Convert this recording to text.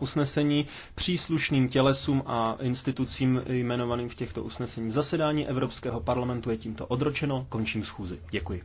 usnesení příslušným tělesům a institucím jmenovaným v těchto usnesení. Zasedání Evropského parlamentu je tímto odročeno. Končím schůzi. Děkuji.